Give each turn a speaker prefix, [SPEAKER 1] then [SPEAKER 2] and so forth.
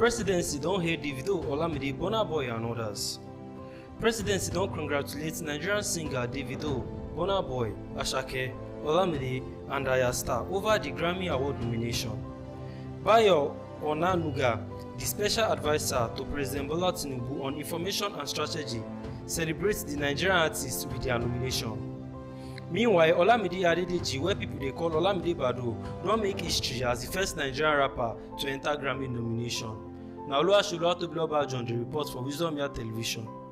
[SPEAKER 1] Presidency don hail Davido, Olamide, Bonaboy and others. Presidency don congratulate Nigerian singer Davido, Bonaboy, Asake, Olamide and Ayasta over the Grammy Award nomination. Bayo Onanuga, the special adviser to President Bola Tinubu on information and strategy, celebrates the Nigerian artists with their nomination. Meanwhile, Olamide Adedeji, wey pipo dey call Olamide Bado, don make history as di first Nigerian rapper to enter Grammy nomination. Now, Loa Shulua Tobiloba John, the report for Wisdom Yard Television.